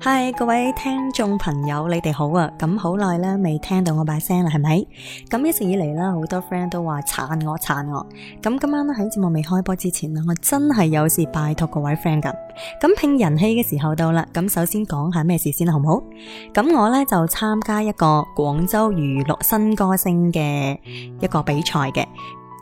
嗨，Hi，各位聽眾朋友，你哋好啊！咁好耐咧，未聽到我把聲啦，係咪？咁一直以嚟啦，好多 friend 都話撐我，我，撐我。咁今晚咧喺節目未開播之前呢，我真係有事拜託各位 friend 噶。咁拼人氣嘅時候到啦，咁首先講下咩事先好唔好？咁我咧就參加一個廣州娛樂新歌星嘅一個比賽嘅。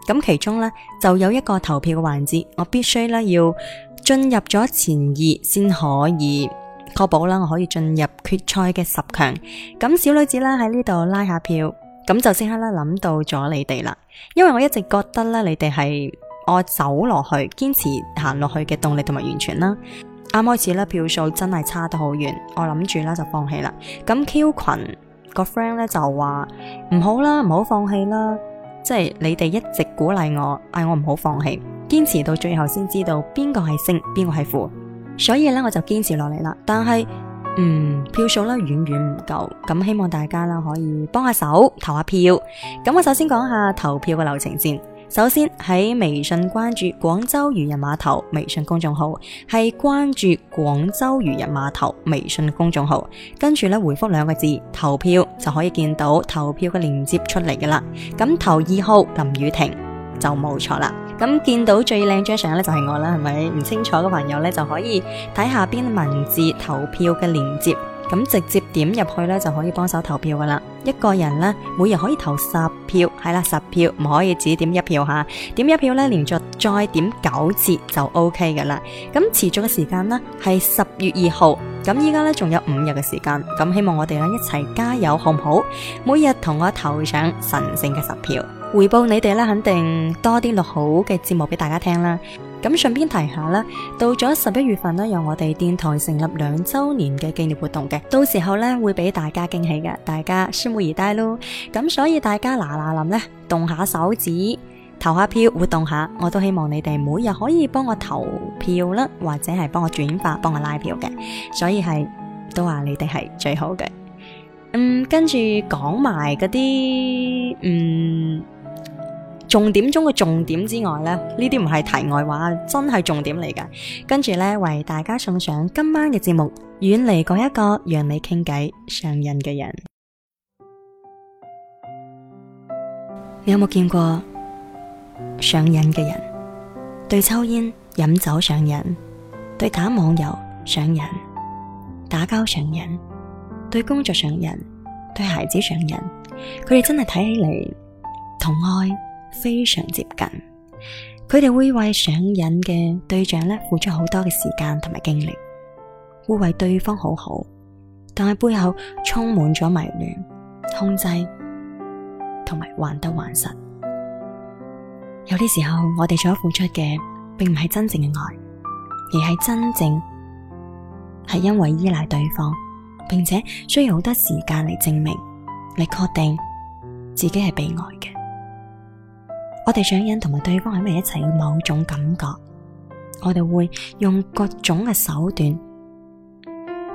咁其中咧就有一個投票嘅環節，我必須咧要進入咗前二先可以。確保啦，我可以進入決賽嘅十強。咁小女子啦喺呢度拉下票，咁就即刻啦諗到咗你哋啦，因為我一直覺得咧你哋係我走落去堅持行落去嘅動力同埋完全啦。啱開始咧票數真係差得好遠，我諗住啦就放棄啦。咁 Q 群個 friend 咧就話唔好啦，唔好放棄啦，即係你哋一直鼓勵我，嗌、哎、我唔好放棄，堅持到最後先知道邊個係勝，邊個係負。所以咧，我就堅持落嚟啦。但係，嗯，票數咧遠遠唔夠，咁希望大家啦可以幫下手投下票。咁我首先講下投票嘅流程先。首先喺微信關注廣州漁人碼頭微信公眾號，係關注廣州漁人碼頭微信公眾號，跟住咧回覆兩個字投票就可以見到投票嘅鏈接出嚟噶啦。咁投二號林宇婷就冇錯啦。咁見到最靚張相咧就係我啦，係咪？唔清楚嘅朋友咧就可以睇下邊文字投票嘅連結，咁直接點入去咧就可以幫手投票噶啦。一個人咧每日可以投十票，係啦十票，唔可以只點一票吓。點一票咧連續再點九次就 OK 噶啦。咁持續嘅時間呢，係十月二號。咁依家咧仲有五日嘅時間，咁希望我哋咧一齊加油，好唔好？每日同我投上神聖嘅十票，回報你哋咧肯定多啲錄好嘅節目俾大家聽啦。咁順便提下啦，到咗十一月份呢，有我哋電台成立兩周年嘅紀念活動嘅，到時候呢會俾大家驚喜嘅，大家拭目以待咯。咁所以大家嗱嗱臨呢，動下手指。投下票，活動下，我都希望你哋每日可以幫我投票啦，或者係幫我轉發，幫我拉票嘅。所以係都話你哋係最好嘅。嗯，跟住講埋嗰啲嗯重點中嘅重點之外咧，呢啲唔係題外話，真係重點嚟㗎。跟住咧，為大家送上今晚嘅節目，遠離嗰一個讓你傾偈上癮嘅人。你有冇見過？上癮嘅人對抽煙、飲酒上癮，對打網遊上癮、打交上癮，對工作上癮、對孩子上癮，佢哋真係睇起嚟同愛非常接近，佢哋會為上癮嘅對象咧付出好多嘅時間同埋精力，會為對方好好，但係背後充滿咗迷戀、控制同埋患得患失。有啲時候，我哋所付出嘅並唔係真正嘅愛，而係真正係因為依賴對方，並且需要好多時間嚟證明、嚟確定自己係被愛嘅。我哋想引同埋對方喺埋一齊嘅某種感覺，我哋會用各種嘅手段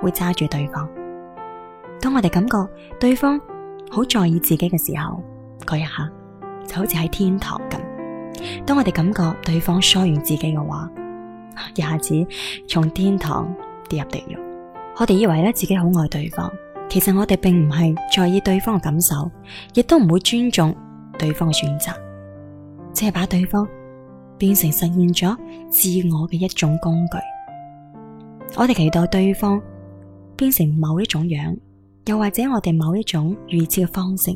會揸住對方。當我哋感覺對方好在意自己嘅時候，嗰一下就好似喺天堂咁。當我哋感覺對方疏遠自己嘅話，一下子從天堂跌入地獄。我哋以為咧自己好愛對方，其實我哋並唔係在意對方嘅感受，亦都唔會尊重對方嘅選擇，只係把對方變成實現咗自我嘅一種工具。我哋期待對方變成某一種樣，又或者我哋某一種預設嘅方式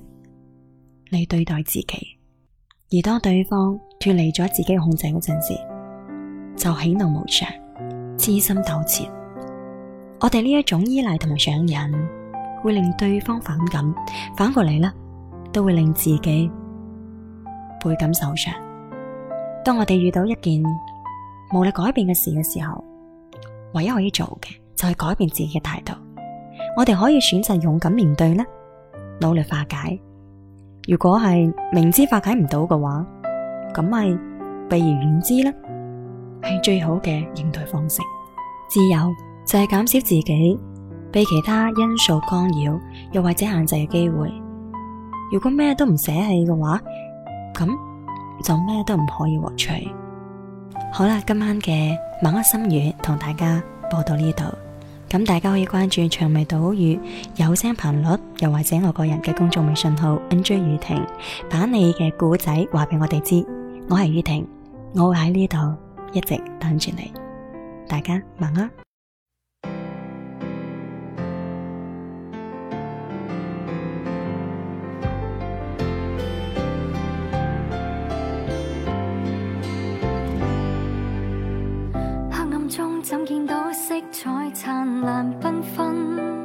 嚟對待自己，而當對方。脫離咗自己控制嗰陣時，就喜怒無常、痴心斗切。我哋呢一種依賴同埋上癮，會令對方反感，反過嚟，呢都會令自己倍感受傷。當我哋遇到一件無力改變嘅事嘅時候，唯一可以做嘅就係改變自己嘅態度。我哋可以選擇勇敢面對呢，努力化解。如果係明知化解唔到嘅話，咁咪避而遠之啦，係最好嘅應對方式。自由就係、是、減少自己被其他因素干擾又或者限制嘅機會。如果咩都唔捨棄嘅話，咁就咩都唔可以獲取。好啦，今晚嘅晚黑心語同大家播到呢度，咁、嗯、大家可以關注長尾島嶼有聲頻率，又或者我個人嘅公眾微信號 N J 雨婷，把你嘅故仔話俾我哋知。我係宇婷，我會喺呢度一直等住你，大家晚安。黑暗中怎見到色彩燦爛繽紛？